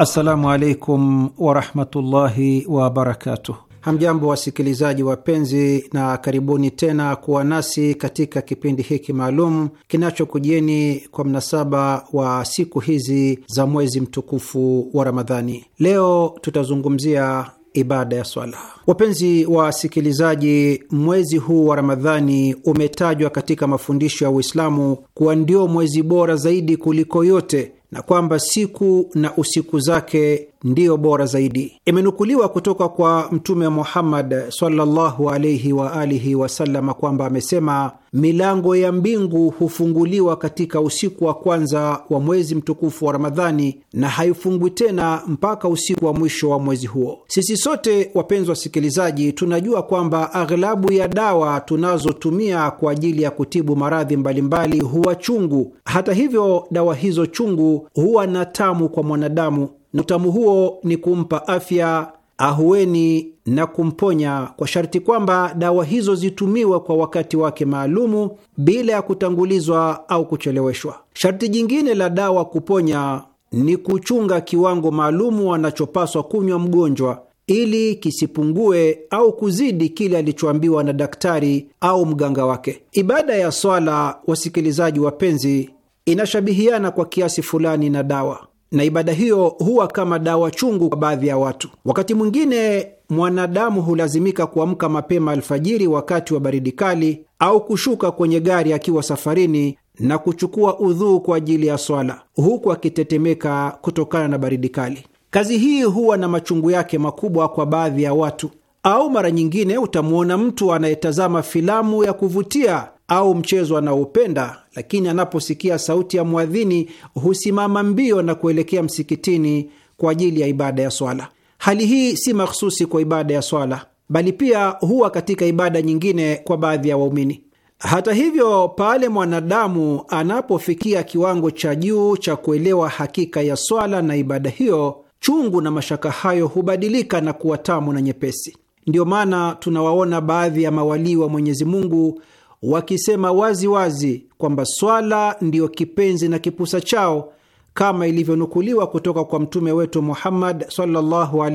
Assalamu alaikum warahmatullahi wabarakatuh. Hamjambo wasikilizaji wapenzi, na karibuni tena kuwa nasi katika kipindi hiki maalum kinachokujieni kwa mnasaba wa siku hizi za mwezi mtukufu wa Ramadhani. Leo tutazungumzia ibada ya swala. Wapenzi wasikilizaji, mwezi huu wa Ramadhani umetajwa katika mafundisho ya Uislamu kuwa ndio mwezi bora zaidi kuliko yote na kwamba siku na usiku zake ndiyo bora zaidi. Imenukuliwa kutoka kwa Mtume Muhammad sallallahu alaihi wa alihi wasallam kwamba amesema, milango ya mbingu hufunguliwa katika usiku wa kwanza wa mwezi mtukufu wa Ramadhani na haifungwi tena mpaka usiku wa mwisho wa mwezi huo. Sisi sote wapenzi wasikilizaji, tunajua kwamba aghlabu ya dawa tunazotumia kwa ajili ya kutibu maradhi mbalimbali huwa chungu. Hata hivyo, dawa hizo chungu huwa na tamu kwa mwanadamu na utamu huo ni kumpa afya, ahueni na kumponya, kwa sharti kwamba dawa hizo zitumiwe kwa wakati wake maalumu bila ya kutangulizwa au kucheleweshwa. Sharti jingine la dawa kuponya ni kuchunga kiwango maalumu anachopaswa kunywa mgonjwa ili kisipungue au kuzidi kile alichoambiwa na daktari au mganga wake. Ibada ya swala, wasikilizaji wapenzi, inashabihiana kwa kiasi fulani na dawa na ibada hiyo huwa kama dawa chungu kwa baadhi ya watu. Wakati mwingine mwanadamu hulazimika kuamka mapema alfajiri wakati wa baridi kali au kushuka kwenye gari akiwa safarini na kuchukua udhuu kwa ajili ya swala huku akitetemeka kutokana na baridi kali. Kazi hii huwa na machungu yake makubwa kwa baadhi ya watu. Au mara nyingine utamwona mtu anayetazama filamu ya kuvutia au mchezo anaopenda, lakini anaposikia sauti ya mwadhini husimama mbio na kuelekea msikitini kwa ajili ya ibada ya swala. Hali hii si mahsusi kwa ibada ya swala, bali pia huwa katika ibada nyingine kwa baadhi ya waumini. Hata hivyo, pale mwanadamu anapofikia kiwango cha juu cha kuelewa hakika ya swala na ibada hiyo, chungu na mashaka hayo hubadilika na kuwa tamu na nyepesi. Ndiyo maana tunawaona baadhi ya mawalii wa Mwenyezi Mungu wakisema wazi wazi kwamba swala ndiyo kipenzi na kipusa chao kama ilivyonukuliwa kutoka kwa mtume wetu Muhammad sallallahu wa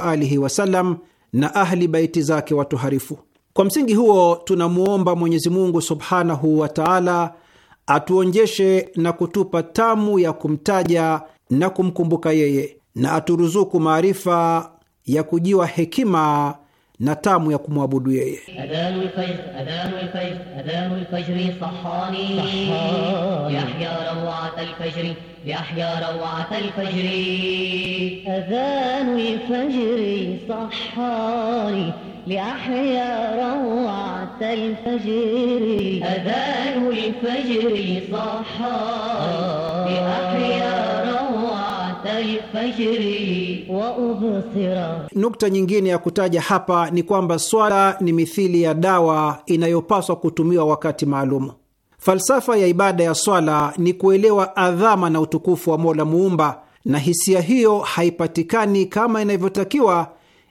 alihi wasallam na ahli baiti zake watuharifu. Kwa msingi huo, tunamwomba Mwenyezi Mungu subhanahu wa taala atuonjeshe na kutupa tamu ya kumtaja na kumkumbuka yeye, na aturuzuku maarifa ya kujiwa hekima na tamu ya kumwabudu yeye. Adhanu Adhanu al-fajri al-fajri al-fajri sahari sahari li li ahya ahya rawat Nukta nyingine ya kutaja hapa ni kwamba swala ni mithili ya dawa inayopaswa kutumiwa wakati maalum. Falsafa ya ibada ya swala ni kuelewa adhama na utukufu wa Mola Muumba, na hisia hiyo haipatikani kama inavyotakiwa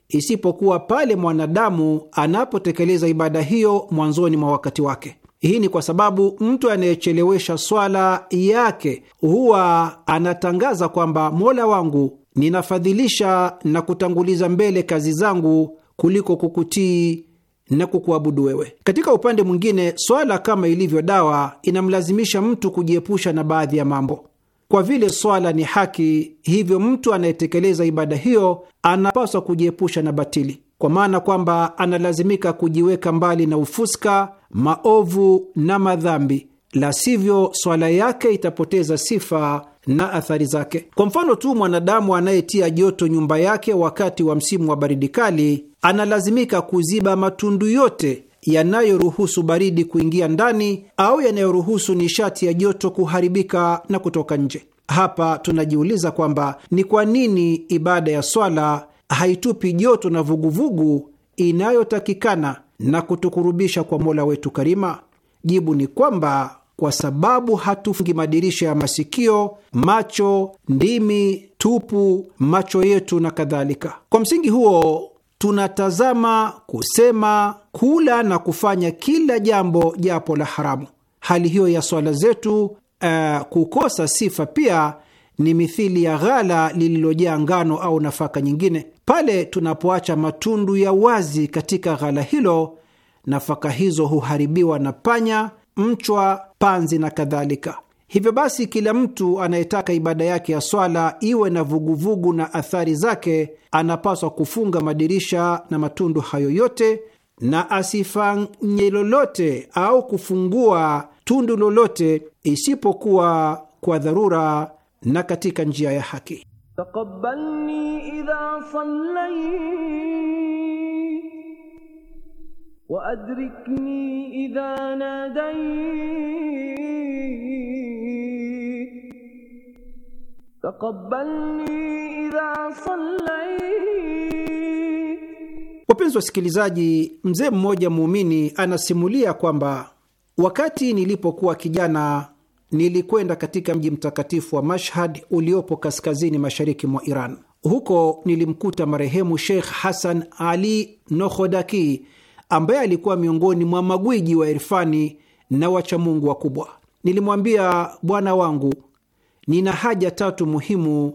isipokuwa pale mwanadamu anapotekeleza ibada hiyo mwanzoni mwa wakati wake. Hii ni kwa sababu mtu anayechelewesha swala yake huwa anatangaza kwamba Mola wangu, ninafadhilisha na kutanguliza mbele kazi zangu kuliko kukutii na kukuabudu wewe. Katika upande mwingine, swala kama ilivyo dawa inamlazimisha mtu kujiepusha na baadhi ya mambo. Kwa vile swala ni haki, hivyo mtu anayetekeleza ibada hiyo anapaswa kujiepusha na batili, kwa maana kwamba analazimika kujiweka mbali na ufuska maovu na madhambi, la sivyo swala yake itapoteza sifa na athari zake. Kwa mfano tu, mwanadamu anayetia joto nyumba yake wakati wa msimu wa baridi kali analazimika kuziba matundu yote yanayoruhusu baridi kuingia ndani au yanayoruhusu nishati ya joto kuharibika na kutoka nje. Hapa tunajiuliza kwamba ni kwa nini ibada ya swala haitupi joto na vuguvugu inayotakikana na kutukurubisha kwa Mola wetu Karima? Jibu ni kwamba kwa sababu hatufungi madirisha ya masikio, macho, ndimi, tupu, macho yetu na kadhalika. Kwa msingi huo tunatazama, kusema, kula na kufanya kila jambo japo la haramu. Hali hiyo ya swala zetu uh, kukosa sifa pia ni mithili ya ghala lililojaa ngano au nafaka nyingine. Pale tunapoacha matundu ya wazi katika ghala hilo, nafaka hizo huharibiwa na panya, mchwa, panzi na kadhalika. Hivyo basi, kila mtu anayetaka ibada yake ya swala iwe na vuguvugu na athari zake anapaswa kufunga madirisha na matundu hayo yote na asifanye lolote au kufungua tundu lolote isipokuwa kwa dharura na katika njia ya haki. Taqabbalni idha wa adrikni idha taqabbalni idha Wapenzi wasikilizaji, mzee mmoja muumini anasimulia kwamba wakati nilipokuwa kijana nilikwenda katika mji mtakatifu wa Mashhad uliopo kaskazini mashariki mwa Iran. Huko nilimkuta marehemu Sheikh Hasan Ali Nohodaki ambaye alikuwa miongoni mwa magwiji wa irfani na wachamungu wakubwa. Nilimwambia, bwana wangu, nina haja tatu muhimu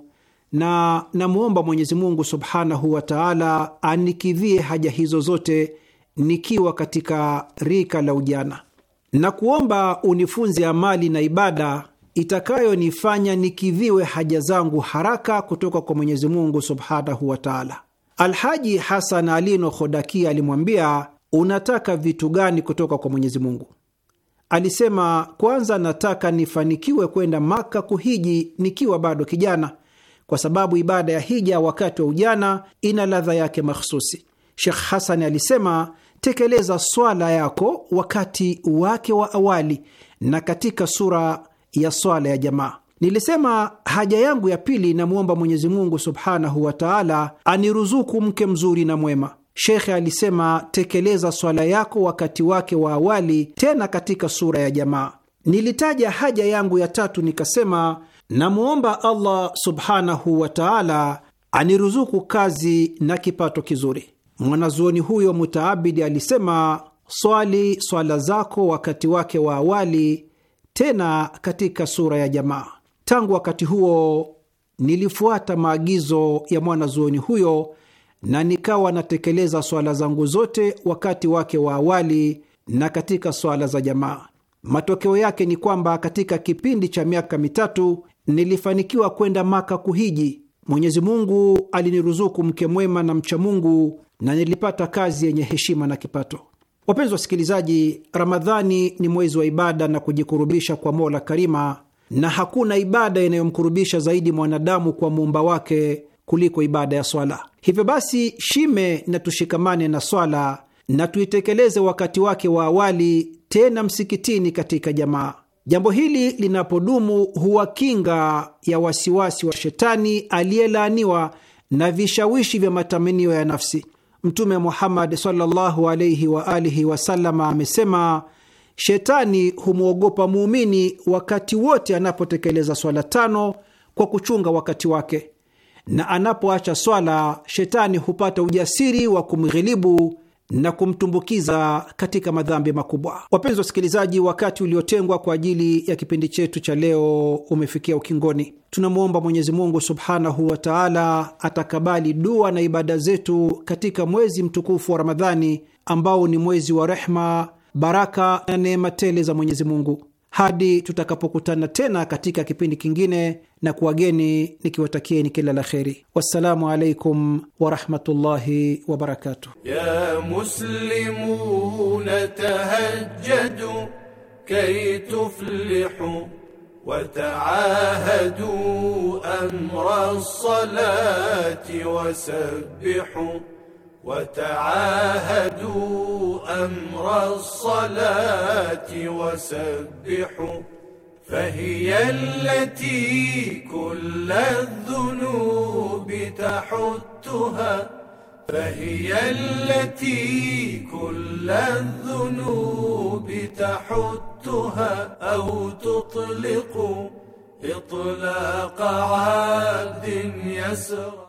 na namwomba Mwenyezi Mungu subhanahu wa taala anikidhie haja hizo zote nikiwa katika rika la ujana na kuomba unifunze amali na ibada itakayonifanya nikidhiwe haja zangu haraka kutoka kwa Mwenyezi Mungu subhanahu wa taala. Alhaji Hasan Alino Khodakia alimwambia, unataka vitu gani kutoka kwa Mwenyezi Mungu? Alisema, kwanza nataka nifanikiwe kwenda Maka kuhiji nikiwa bado kijana, kwa sababu ibada ya hija wakati wa ujana ina ladha yake mahsusi. Shekh Hasani alisema tekeleza swala yako wakati wake wa awali na katika sura ya swala ya jamaa. Nilisema haja yangu ya pili, namwomba Mwenyezi Mungu subhanahu wa taala aniruzuku mke mzuri na mwema. Shekhe alisema tekeleza swala yako wakati wake wa awali, tena katika sura ya jamaa. Nilitaja haja yangu ya tatu nikasema, namwomba Allah subhanahu wa taala aniruzuku kazi na kipato kizuri. Mwanazuoni huyo mutaabidi alisema, swali swala zako wakati wake wa awali, tena katika sura ya jamaa. Tangu wakati huo nilifuata maagizo ya mwanazuoni huyo na nikawa natekeleza swala zangu zote wakati wake wa awali na katika swala za jamaa. Matokeo yake ni kwamba katika kipindi cha miaka mitatu nilifanikiwa kwenda Maka kuhiji. Mwenyezi Mungu aliniruzuku mke mwema na mcha Mungu na nilipata kazi yenye heshima na kipato. Wapenzi wasikilizaji, Ramadhani ni mwezi wa ibada na kujikurubisha kwa Mola Karima, na hakuna ibada inayomkurubisha zaidi mwanadamu kwa muumba wake kuliko ibada ya swala. Hivyo basi, shime na tushikamane na swala na tuitekeleze wakati wake wa awali, tena msikitini, katika jamaa. Jambo hili linapodumu huwa kinga ya wasiwasi wa shetani aliyelaaniwa na vishawishi vya matamanio ya nafsi. Mtume Muhammad sallallahu alaihi wa alihi amesema, shetani humwogopa muumini wakati wote anapotekeleza swala tano kwa kuchunga wakati wake, na anapoacha swala shetani hupata ujasiri wa kumghilibu na kumtumbukiza katika madhambi makubwa. Wapenzi wasikilizaji, wakati uliotengwa kwa ajili ya kipindi chetu cha leo umefikia ukingoni. Tunamwomba Mwenyezi Mungu subhanahu wa taala atakabali dua na ibada zetu katika mwezi mtukufu wa Ramadhani ambao ni mwezi wa rehma, baraka na neema tele za Mwenyezi Mungu hadi tutakapokutana tena katika kipindi kingine, na kuwageni nikiwatakieni kila la kheri. Wassalamu alaikum warahmatullahi wabarakatuh. ya wasabbihu وتعاهدوا أمر الصلاة وسبحوا فهي التي كل الذنوب تحتها فهي التي كل الذنوب تحتها أو تطلق إطلاق عاد يسرى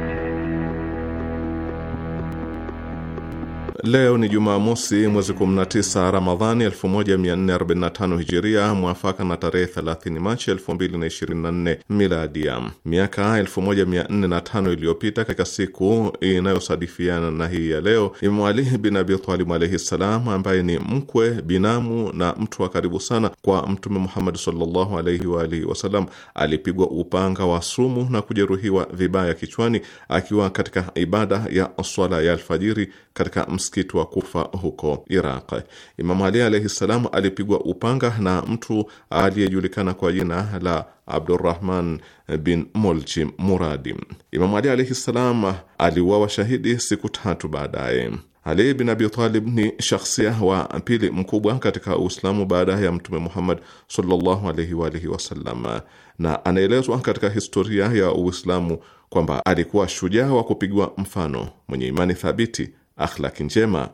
Leo ni Jumamosi, mwezi 19 Ramadhani 1445 Hijiria, mwafaka na tarehe 30 Machi 2024 Miladia. Miaka 1405 iliyopita, katika siku inayosadifiana na hii ya leo, Imamu Ali bin Abi Talib alaihi ssalam, ambaye ni mkwe, binamu na mtu wa karibu sana kwa Mtume Muhammad sallallahu alaihi wa alihi wasallam, alipigwa upanga wa sumu na kujeruhiwa vibaya kichwani akiwa katika ibada ya swala ya alfajiri katika msikiti wa Kufa huko Iraq. Imamu Ali alaihi ssalam alipigwa upanga na mtu aliyejulikana kwa jina la Abdurrahman bin Molchi Muradi. Imamu Ali alaihi ssalam aliuawa shahidi siku tatu baadaye. Ali bin Abi Talib ni shakhsia wa pili mkubwa katika Uislamu baada ya Mtume Muhammad sallallahu alaihi wa alihi wasallam, na anaelezwa katika historia ya Uislamu kwamba alikuwa shujaa wa kupigwa mfano, mwenye imani thabiti akhlaki njema,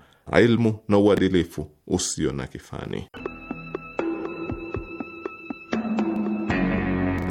ilmu na uadilifu usio na kifani.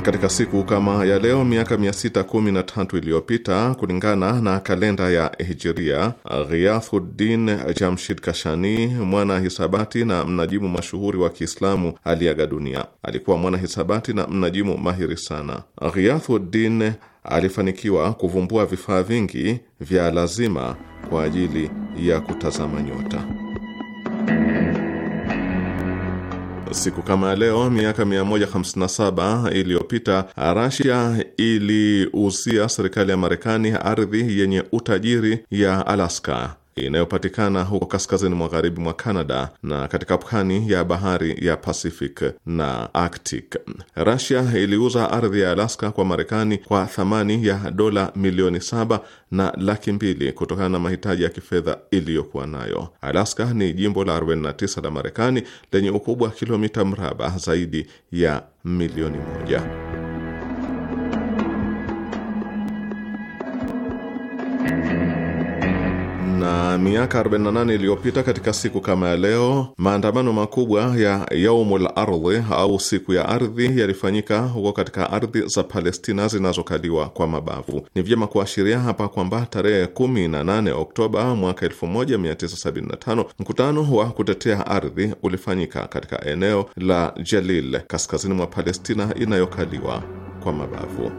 Katika siku kama ya leo miaka 613 iliyopita kulingana na kalenda ya Hijiria, Ghiathuddin Jamshid Kashani, mwana hisabati na mnajimu mashuhuri wa Kiislamu, aliaga dunia. Alikuwa mwana hisabati na mnajimu mahiri sana. Ghiathuddin alifanikiwa kuvumbua vifaa vingi vya lazima kwa ajili ya kutazama nyota. Siku kama leo miaka 157 iliyopita Rasia iliuzia serikali ya Marekani ardhi yenye utajiri ya Alaska inayopatikana huko kaskazini magharibi mwa Canada na katika pwani ya bahari ya Pacific na Arctic. Russia iliuza ardhi ya Alaska kwa Marekani kwa thamani ya dola milioni saba na laki mbili kutokana na mahitaji ya kifedha iliyokuwa nayo. Alaska ni jimbo la 49 la Marekani lenye ukubwa wa kilomita mraba zaidi ya milioni moja. na miaka 48 iliyopita katika siku kama ya leo, maandamano makubwa ya Yaumul Ardhi au siku ya ardhi yalifanyika huko katika ardhi za Palestina zinazokaliwa kwa mabavu. Ni vyema kuashiria hapa kwamba tarehe 18 Oktoba mwaka 1975 mkutano wa kutetea ardhi ulifanyika katika eneo la Jalil kaskazini mwa Palestina inayokaliwa kwa mabavu.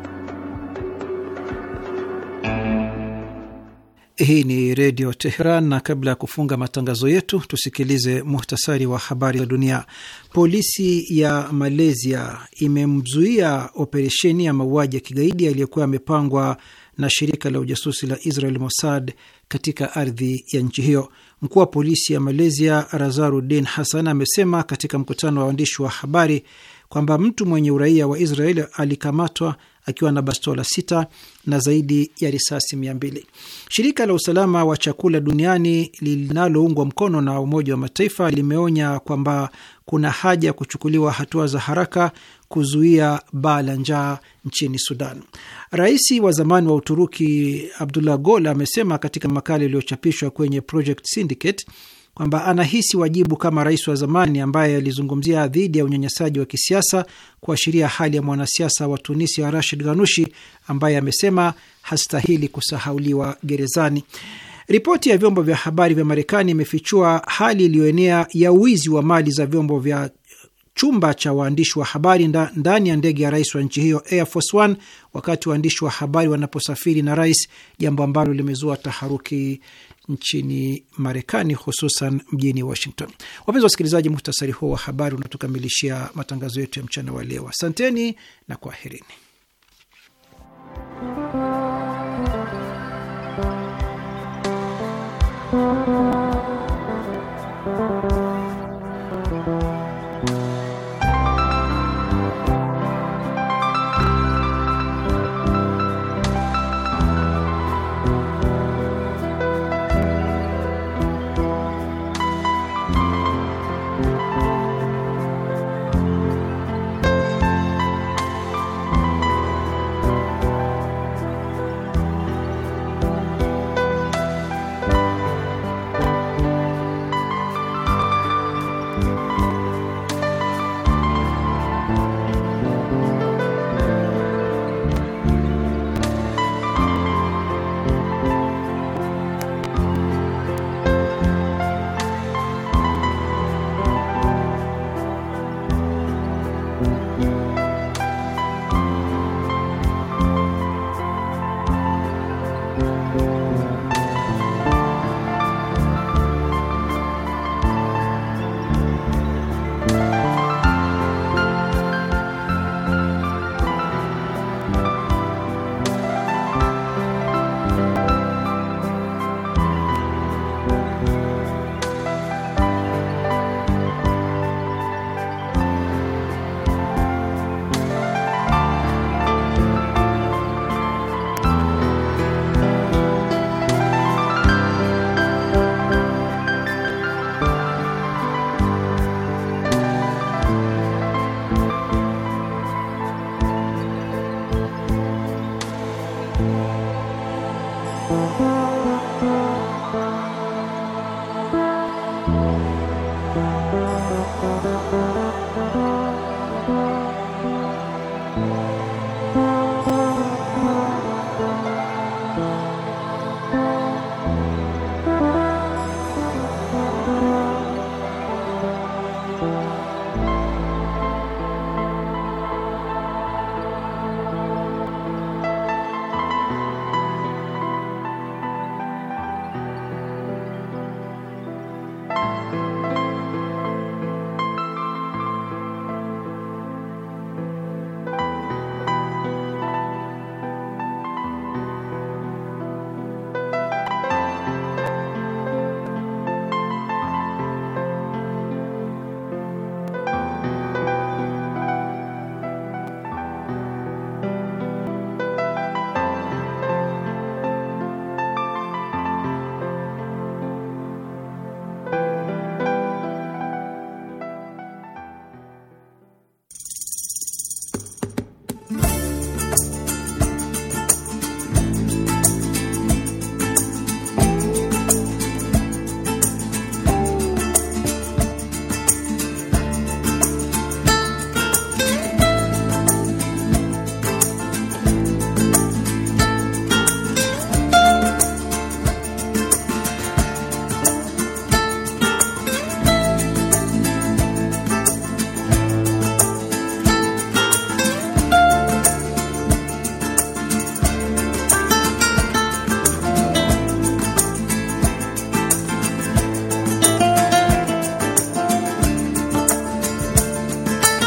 Hii ni Redio Teheran, na kabla ya kufunga matangazo yetu tusikilize muhtasari wa habari za dunia. Polisi ya Malaysia imemzuia operesheni ya mauaji ya kigaidi aliyekuwa amepangwa na shirika la ujasusi la Israel Mossad katika ardhi ya nchi hiyo. Mkuu wa polisi ya Malaysia Razarudin Hassan amesema katika mkutano wa waandishi wa habari kwamba mtu mwenye uraia wa Israel alikamatwa akiwa na bastola sita na zaidi ya risasi mia mbili. Shirika la usalama wa chakula duniani linaloungwa mkono na Umoja wa Mataifa limeonya kwamba kuna haja ya kuchukuliwa hatua za haraka kuzuia baa la njaa nchini Sudan. Rais wa zamani wa Uturuki Abdullah Gol amesema katika makala iliyochapishwa kwenye Project Syndicate kwamba anahisi wajibu kama rais wa zamani ambaye alizungumzia dhidi ya unyanyasaji wa kisiasa kuashiria hali ya mwanasiasa wa Tunisia Rashid Ghanushi ambaye amesema hastahili kusahauliwa gerezani. Ripoti ya vyombo vya habari vya Marekani imefichua hali iliyoenea ya wizi wa mali za vyombo vya chumba cha waandishi wa habari ndani ya ndege ya rais wa nchi hiyo Air Force One, wakati waandishi wa habari wanaposafiri na rais, jambo ambalo limezua taharuki nchini Marekani, hususan mjini Washington. Wapenzi wa wasikilizaji, muhtasari huo wa habari unatukamilishia matangazo yetu ya mchana wa leo. Asanteni na kwaherini.